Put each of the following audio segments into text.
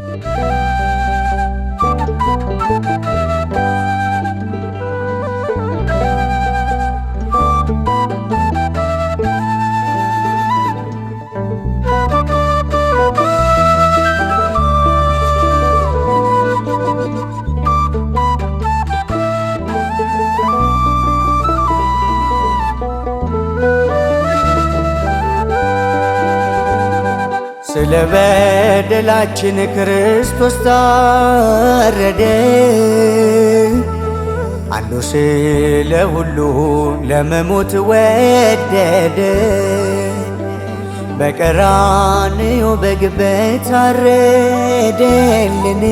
you. ስለ በደላችን ክርስቶስ ታረደ አንዱ ስለ ሁሉ ለመሞት ወደደ። በቀራንዮ በግበት ታረደልን።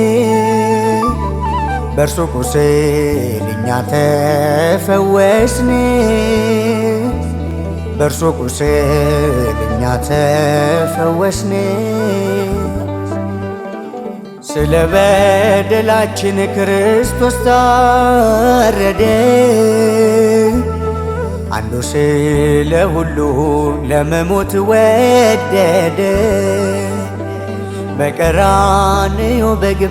በእርሱ ቁስል እኛ ተፈወስን። በእርሱ ቁስል እኛ ተፈወስን። ስለ በደላችን ክርስቶስ ታረደ። አንዱ ስለ ሁሉ ለመሞት ወደደ። በቀራንዮ በግ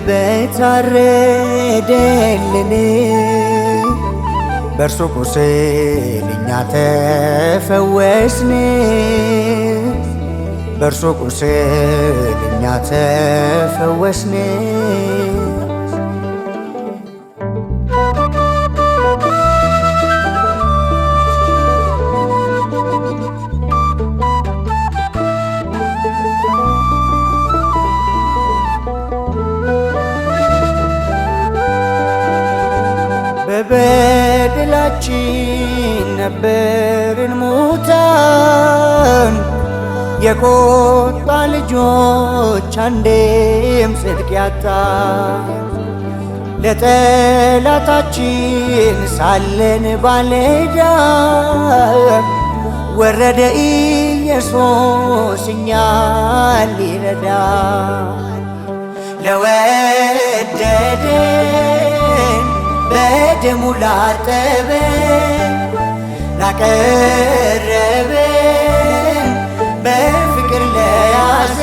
ታረደልን። በእርሱ ቁስል እኛ ተፈወስን፣ በእርሱ ቁስል እኛ ተፈወስን። የነበርን ሙታን የቆጣ ልጆች አንዴም ጽድቅ ያጣ ለጠላታችን ሳለን ባለዳ ወረደ ኢየሱስ እኛን ሊረዳ ለወደደን በደሙ ላጠበን ላቀረበ በፍቅር ለያዘ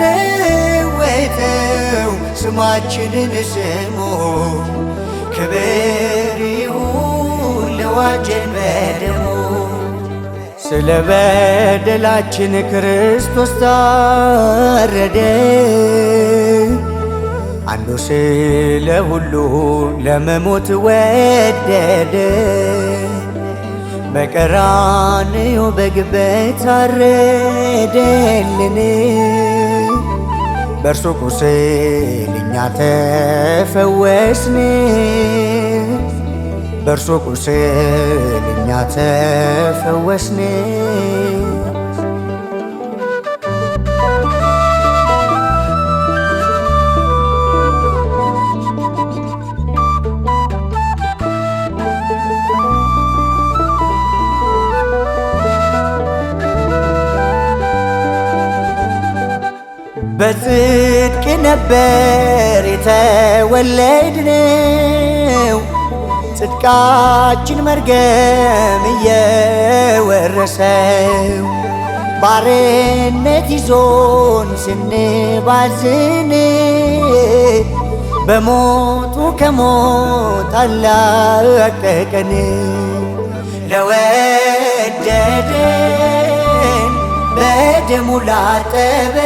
ለለወጠው ስማችንን ስሙ ክብር ይሁን ለዋጀን በደሙ ስለ በደላችን ክርስቶስ ታረደ አንዱ ስለ ሁሉ ለመሞት ወደደ። በቀራንዮ በግበት አረደልን። በእርሱ ቁስል እኛ ተፈወስን። በእርሱ ቁስል እኛ ተፈወስን። በጽድቅ ነበር የተወለድነው ጽድቃችን መርገም እየወረሰው ባርነት ይዞን ስንባዝን በሞቱ ከሞት አላቀቀን ለወደደን በደሙ ላጠበ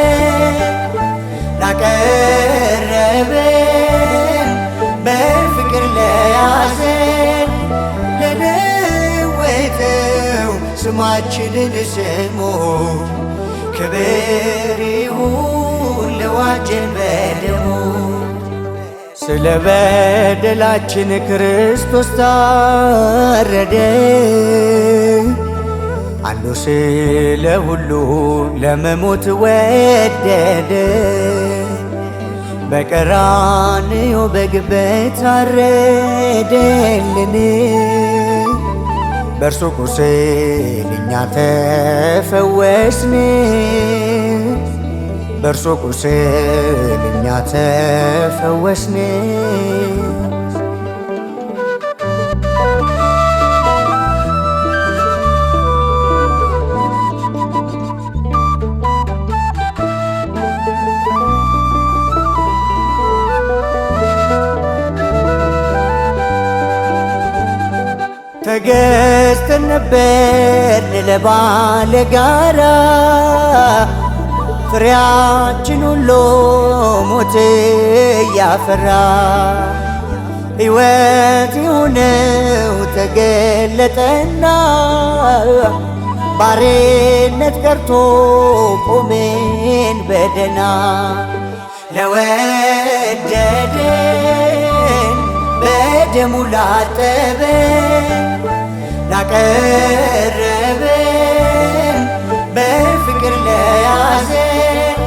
ላቀረበን በፍቅር ለያዘን ለለወጠው ስማችንን ስሙ ክብር ይሁን ለዋጀን በደሙ። ስለ በደላችን ክርስቶስ ታረደ አንዱ ስለ ሁሉ ለመሞት ወደደ። በቀራንዮ በግበት አረደልን። በእርሱ ቁስል እኛ ተፈወስን። በእርሱ ቁስል እኛ ተፈወስን። ተገዝተን ነበር ለባለ ጋራ ፍሬያችን ሁሉ ሞት እያፈራ ሕይወት የሆነው ተገለጠና ባሬነት ቀርቶ ቆሜን በደና ለወደደ በደሙ ላጠበን ላቀረበን በፍቅር ለያዘን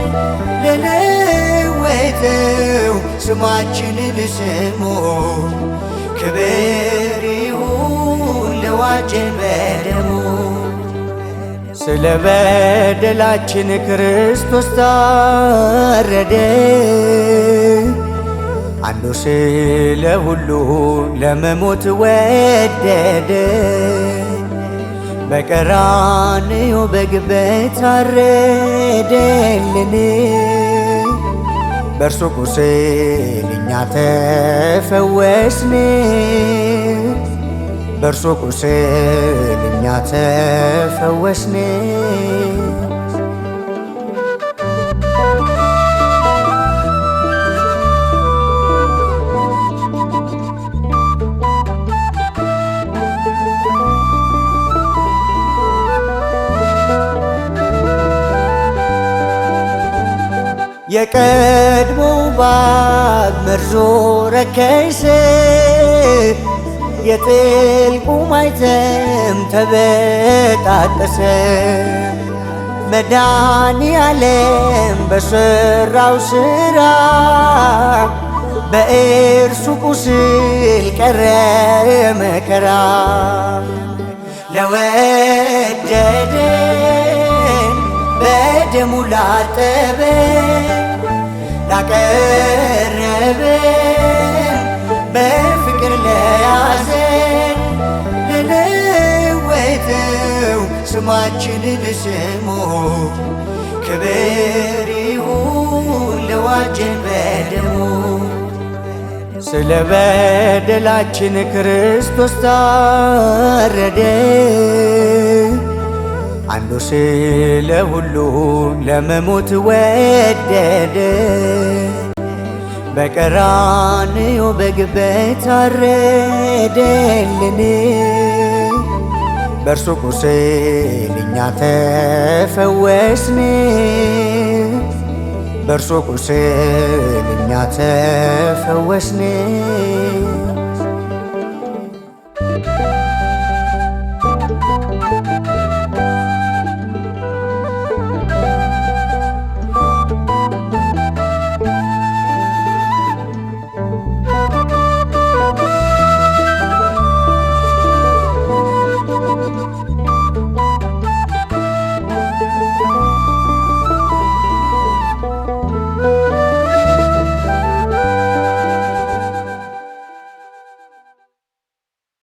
ለለወጠው ስማችንን ስሙ ክብር ይሁን ለዋጀን በደሙ ስለ በደላችን ክርስቶስ ታረደ አንዱ ስለ ሁሉ ለመሞት ወደደ። በቀራንዮ በግበት አረደልን። በእርሱ ቁስል እኛ ተፈወስን። በእርሱ ቁስል እኛ ተፈወስን። የቀድሞ ባብ መርዞ ረከሰ የጥልቁ ማይተም ተበጣጠሰ መዳኒ ዓለም በሰራው ስራ በእርሱ ቁስል ቀረ መከራ ለወደደ በደሙ ላጠበ ላቀረበ በፍቅር ለያዘን ልንወተው ስማችንን ክብር ይሁን ለዋጀን በደሙ ስለ በደላችን ክርስቶስ ታረደ አንዱ ስለ ሁሉ ለመሞት ወደደ። በቀራንዮ በግበት አረደልን። በእርሱ ቁስል እኛ ተፈወስን። በእርሱ ቁስል እኛ ተፈወስን።